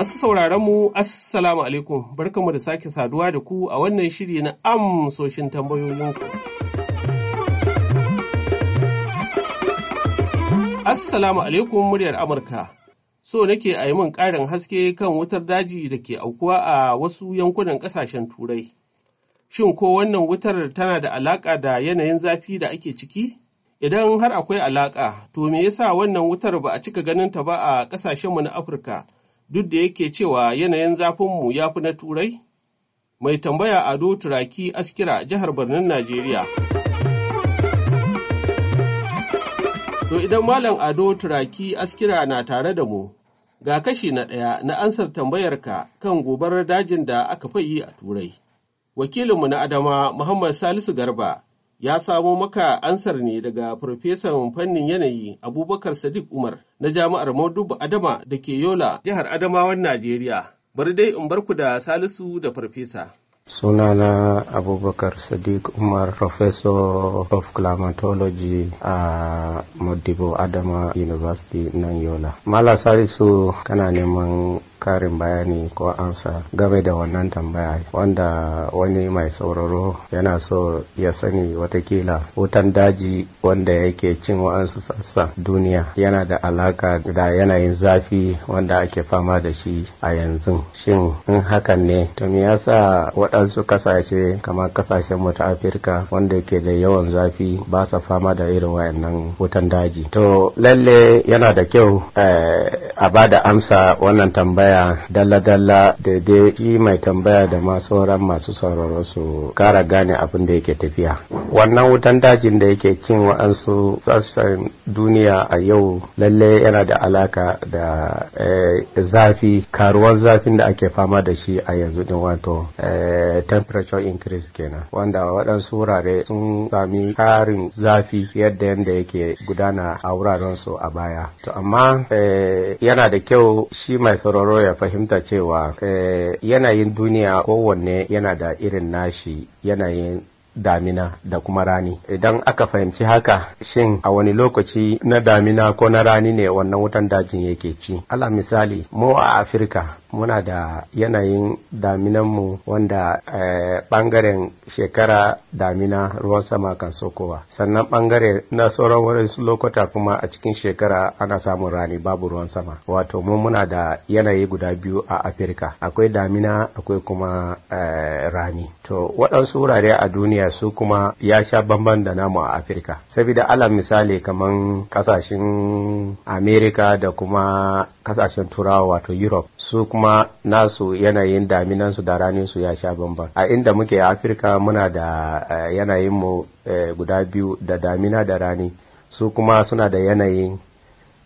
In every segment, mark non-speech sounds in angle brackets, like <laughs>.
Masu sauraron mu Assalamu alaikum barkamu da sake saduwa da ku a wannan shiri na amsoshin tambayoyinku. Assalamu alaikum muryar Amurka. So nake a yi min ƙarin haske kan wutar daji da ke aukuwa a wasu yankunan ƙasashen Turai. Shin ko wannan wutar tana da alaƙa da yanayin zafi da ake ciki? Idan har akwai alaƙa, to me yasa wannan wutar ba a cika ganin ta ba a ƙasashenmu na Afirka? duk da yake cewa yanayin zafinmu ya fi na turai? Mai tambaya Ado Turaki Askira jihar Birnin Najeriya. To idan Malam Ado Turaki Askira na tare da mu, ga kashi na ɗaya na ansar tambayarka kan gobarar dajin da aka fayi a Turai. Wakilinmu na Adama Muhammad Salisu Garba ya samo maka ansar ne daga farfesan fannin yanayi abubakar sadiq umar na jami'ar modubu adama da ke yola jihar adamawan najeriya bari dai in barku da salisu da farfesa sunana abubakar sadiq umar professor of climatology a modibo adama university nan yola mala salisu kana neman karin bayani ko ansa game da wannan tambaya wanda wani mai sauraro yana so ya sani watakila wutan daji wanda yake cin wa'ansu sassa duniya yana da alaka da yanayin zafi wanda ake fama da shi a yanzu shin in hakan ne to me yasa waɗansu kasashe kamar kasashen mu ta afirka wanda ke da yawan zafi ba sa fama da irin wayannan wutan daji to lalle yana da kyau eh, a ba da amsa wannan tambaya tambaya dalla-dalla daidai mai tambaya da ma sauran masu sauraron su kara gane abin da yake tafiya. wannan wutan dajin da yake cin wa'ansu sassan duniya a yau lalle yana da alaka da eh, zafi karuwar zafin da ake fama da shi a yanzu din wato eh, temperature increase kenan wanda waɗansu wurare sun sami karin zafi yadda yadda yake gudana a wuraren su a baya to amma eh, yana da kyau shi mai sauraro ya fahimta cewa yanayin duniya kowanne yana da irin nashi yanayin damina da kuma rani idan aka fahimci haka shin a wani lokaci na damina ko na rani ne wannan wutan dajin yake ci ala misali mu a afirka muna da yanayin daminanmu wanda bangaren eh, shekara damina ruwan sama kan sokowa sannan bangare na sauran wurin lokuta kuma a cikin shekara ana samun rani babu ruwan sama wato mu muna da yanayi guda biyu a afirka akwai damina akwai kuma eh, rani to waɗansu wurare a duniya duniya su kuma ya sha bamban da namu a afirka saboda alal misali kamar kasashen amerika da kuma kasashen turawa wato europe su kuma nasu yanayin daminansu da raninsu ya sha bamban a inda muke a afirka muna da eh, yanayinmu eh, guda biyu da damina da rani su kuma suna da yanayin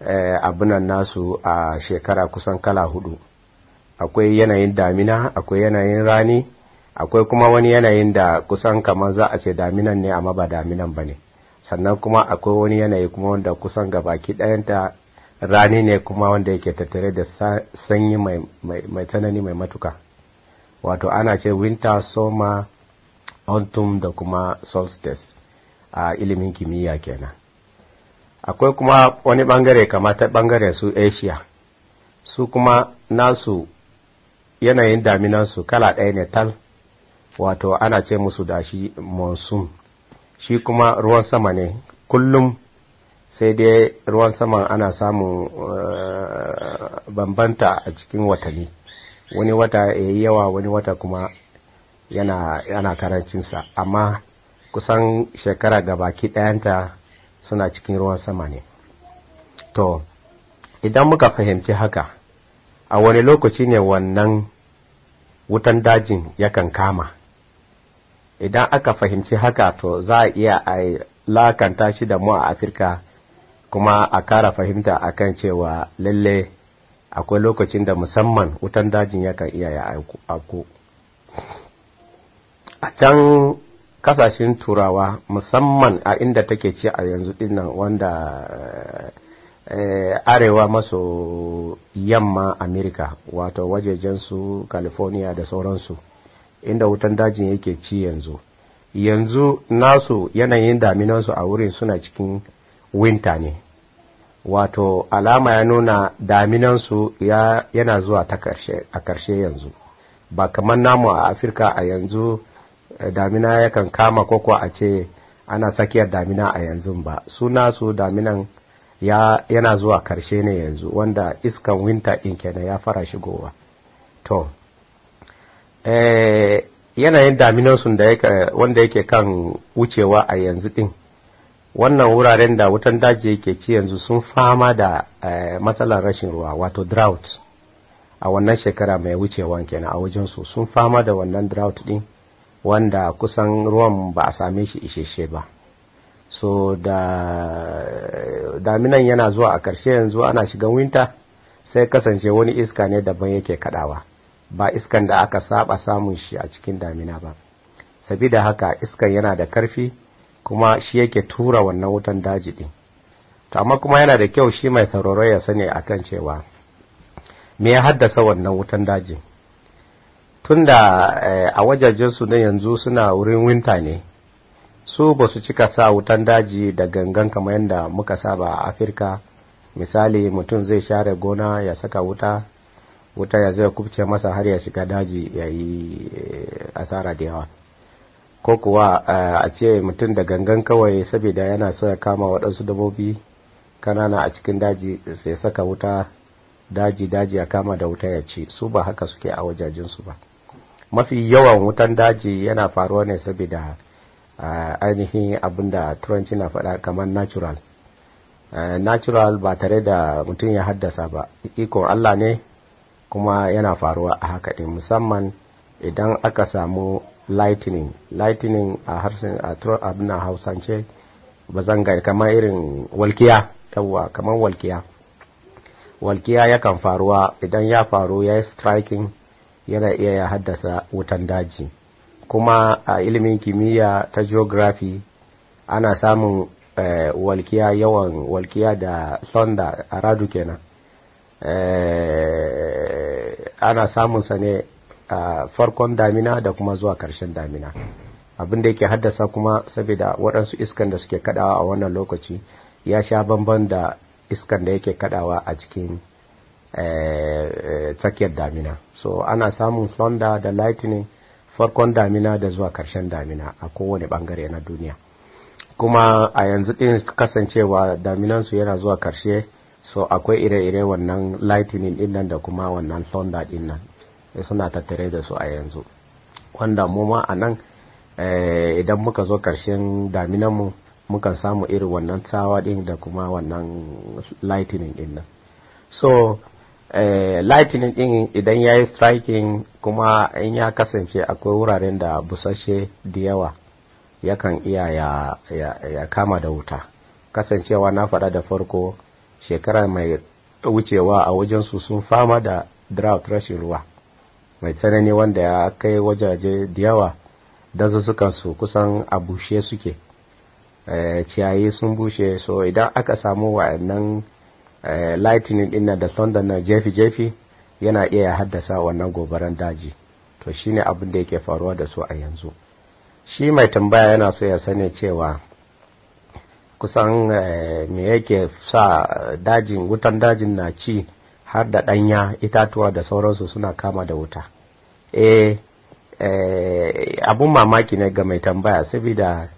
eh, abunan nasu a shekara kusan kala hudu akwai yanayin damina akwai yanayin rani akwai kuma wani yanayin da kusan kamar za a ce daminan ne amma ba daminan ba ne sannan kuma akwai wani yanayi kuma wanda kusan gabaki ɗayanta rani ne kuma wanda yake tattare da sanyi mai tsanani mai matuka wato ana ce winter summer autumn da kuma solstice a ilimin kimiyya kenan akwai kuma wani bangare kama ta bangare su asia su kuma nasu yanayin daminansu kala ɗaya ne tal wato ana ce musu da shi monsoon shi kuma ruwan sama ne kullum sai dai ruwan sama ana samun eh, bambanta a cikin watanni wani wata ya yi yawa wani wata kuma yana, yana karancinsa amma kusan shekara baki ɗayanta suna cikin ruwan sama ne to idan muka fahimci haka a wani lokaci ne wannan wutan dajin yakan kama idan aka fahimci haka to za a iya a lakanta shi da mu a afirka kuma a kara fahimta akan cewa lalle akwai lokacin da musamman wutan dajin yakan iya ya auku a can kasashen turawa musamman a inda take ci a yanzu dinnan wanda eh, arewa maso yamma america wato wajejen su california da sauransu inda wutan dajin yake ci yanzu yanzu nasu yanayin daminansu a wurin suna cikin winta ne wato alama ya nuna daminansu ya, yana zuwa a karshe yanzu ba kamar namu a afirka a yanzu eh, damina yakan kama koko a ce ana tsakiyar damina a yanzu ba su nasu daminan ya, yana zuwa karshe ne yanzu wanda iskan winta ɗin kenan ya fara shigowa to Eh, yanayin daminansu wanda yake kan wucewa a yanzu din wannan wuraren da wutan daji yake ci yanzu sun fama da eh, matsalar rashin ruwa wato drought a wannan shekara mai wucewa kenan a wajensu sun fama da wannan drought din wanda kusan ruwan ba a same shi isheshe ba so da daminan yana zuwa a ƙarshe yanzu ana shigan winter sai kasance wani iska ne daban yake kadawa ba iskan da aka saba samun shi a cikin damina ba sabida haka iskan yana da karfi kuma shi yake tura wannan wutan daji din to amma kuma yana da kyau shi mai sauraro ya sani akan cewa me ya haddasa wannan wutan daji tunda eh, a wajajen su na yanzu suna wurin winta ne su ba su cika sa wutan daji da gangan kamar yadda muka saba a afirka misali mutum zai share gona ya saka wuta wuta ya zai kubce masa har ya shiga daji ya yi eh, asara da yawa ko kuwa eh, a ce mutum da gangan kawai saboda yana so ya kama waɗansu dabobi kanana a cikin daji sai saka wuta daji daji ya kama da wuta ya ci su ba haka suke a wajajensu ba mafi yawan wutan daji yana faruwa ne saboda eh, ainihin abin da turanci na faɗa kamar natural natural ba tare da mutum ya haddasa ba ikon allah ne kuma yana faruwa a haka ɗin musamman idan aka samu lightning lightning a harshen abin a hausance ba zanga kamar irin walkiya yawwa kamar walkiya walkiya yakan faruwa idan ya faru ya yi striking yana iya ya haddasa wutan daji kuma a ilimin kimiyya ta geography ana samun eh, walkiya yawan walkiya da thunder a radu kenan Eh, ana samunsa ne a farkon damina da kuma zuwa karshen damina abin da yake haddasa kuma saboda waɗansu iskan da suke kadawa a wannan lokaci ya sha bamban da iskan da yake kadawa a cikin eh, tsakiyar damina so ana samun thunder da lightning farkon damina da zuwa karshen damina a kowane bangare na duniya kuma a yanzu din kasancewa daminansu yana zuwa karshe so akwai ire-ire wannan lightning din nan da kuma wannan thunder din nan eh, suna tattare da su a yanzu wanda mu ma a nan eh, idan muka zo karshen mu muka samu irin wannan tsawa din da kuma wannan lightning din nan so eh, lightning din idan ya yi striking kuma in ya kasance akwai wuraren da busashe da yawa yakan iya ya, ya kama da wuta kasancewa na faɗa da farko shekara mai wucewa a wajensu sun fama da drought rashin ruwa mai tsanani wanda ya kai wajaje da yawa su kusan a bushe suke eh, ciyayi sun bushe so idan aka samu wa'annan eh, lightning din da thunder na jefi-jefi yana iya haddasa wannan gobaran daji to shine abin da yake faruwa da su a yanzu shi mai tambaya yana so ya sani cewa kusan eh, me yake sa dajin wutan dajin na ci har da ɗanya itatuwa da sauransu suna kama da wuta eh, eh abun mamaki ne ga mai tambaya saboda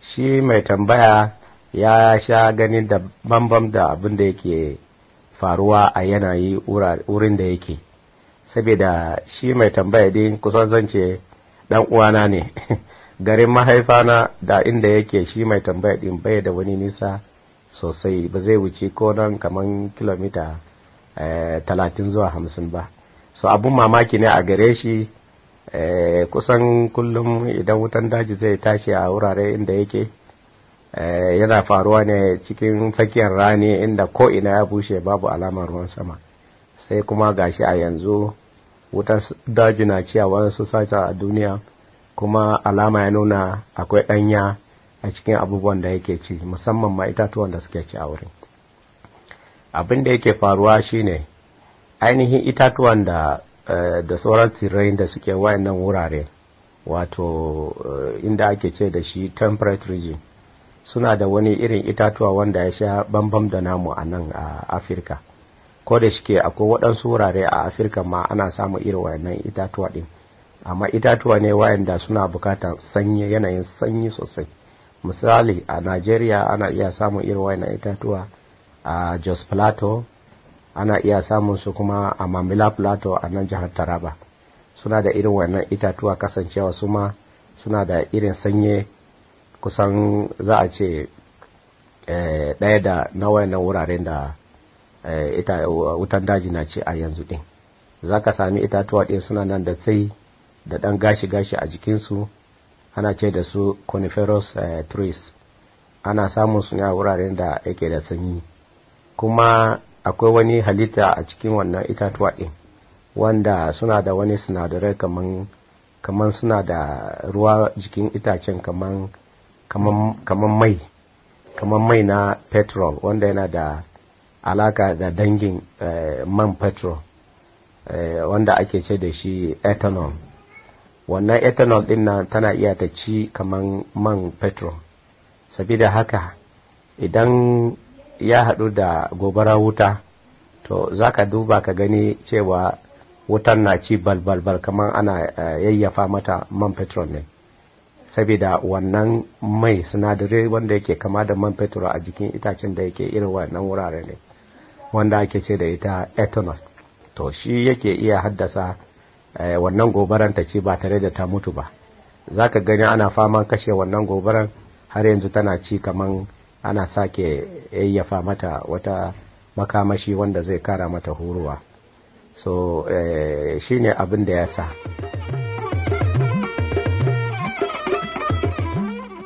shi mai tambaya ya sha gani da bambam da abin da yake faruwa a yanayi wurin da yake saboda shi mai tambaya din kusan zance dan uwana ne <laughs> garin mahaifana da inda yake shi mai tambaya din bai da wani nisa sosai ba zai wuce ko nan kamar kilomita eh, talatin zuwa hamsin ba so abun mamaki ne a gare shi eh, kusan kullum idan wutan daji zai tashi a wurare inda yake eh, yana faruwa ne cikin tsakiyar rani inda ko ina ya bushe babu alamar ruwan sama sai kuma gashi a yanzu wutan daji na ciyawa su sace a duniya kuma alama ya nuna akwai ɗanya a cikin abubuwan da yake ci musamman ma itatuwan da suke ci a wurin abin da yake faruwa shine ainihin itatuwan da eh, da sauran tsirrai da suke wayannan wurare wato eh, inda ake ce da shi temperate region suna da wani irin itatuwa wanda ya sha bambam da namu a nan a afirka ko da shike akwai waɗansu wurare a afirka ma ana samun irin wayannan itatuwa ɗin amma itatuwa ne wayanda suna bukatar sanyi yanayin sanyi sosai misali a najeriya ana iya samun irin wayannan itatuwa a jos plateau ana iya samun su kuma a mamila plateau a nan jihar taraba suna da irin wannan itatuwa kasancewa su ma suna da irin sanyi kusan za a ce eh, ɗaya da na wayannan wuraren da eh, wutan daji na ce a yanzu ɗin za ka sami itatuwa ɗin suna nan da sai da ɗan gashi-gashi a jikinsu ana ce da su coniferous eh, trees ana samun su a wuraren da yake da sanyi kuma akwai wani halitta a cikin wannan itatuwa ɗin wanda suna da wani sinadarai kaman suna da ruwa jikin itacen kaman mai kaman mai na petrol wanda yana da alaka da dangin eh, man petrol eh, wanda ake ce da shi ethanol wannan ethanol din nan tana iya ta ci kaman man petrol sabida haka idan ya haɗu da gobara wuta to za ka duba ka gani cewa wutan na ci balbalbal kaman ana eh, yayyafa mata man petrol ne saboda wannan mai sinadarai wanda yake kama da man petrol a jikin itacen da yake irin wannan wurare ne wanda ake ce da ita ethanol to shi yake iya haddasa Eh, wannan gobaran ta ce ba tare da ta mutu ba za ka gani ana faman kashe wannan gobaran har yanzu tana ci kaman ana sake yayyafa mata wata makamashi wanda zai kara mata huruwa so shi eh, shine abin da ya sa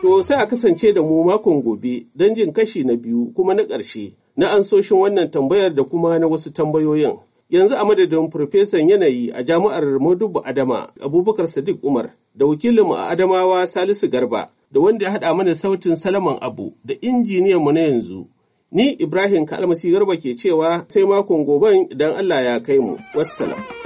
To sai a kasance da mu makon gobe don jin kashi na biyu kuma na ƙarshe na ansoshin wannan tambayar da kuma na wasu tambayoyin. Yanzu a madadin Farfesan Yanayi a Jami'ar Modubu Adama, Abubakar Sadiq Umar, da wakilinmu a Adamawa Salisu Garba, da wanda ya haɗa mana sautin Salaman Abu, da injiniyan mu na yanzu. Ni Ibrahim Kalmasi Garba ke cewa sai makon goben idan Allah ya kai mu. Wassalam.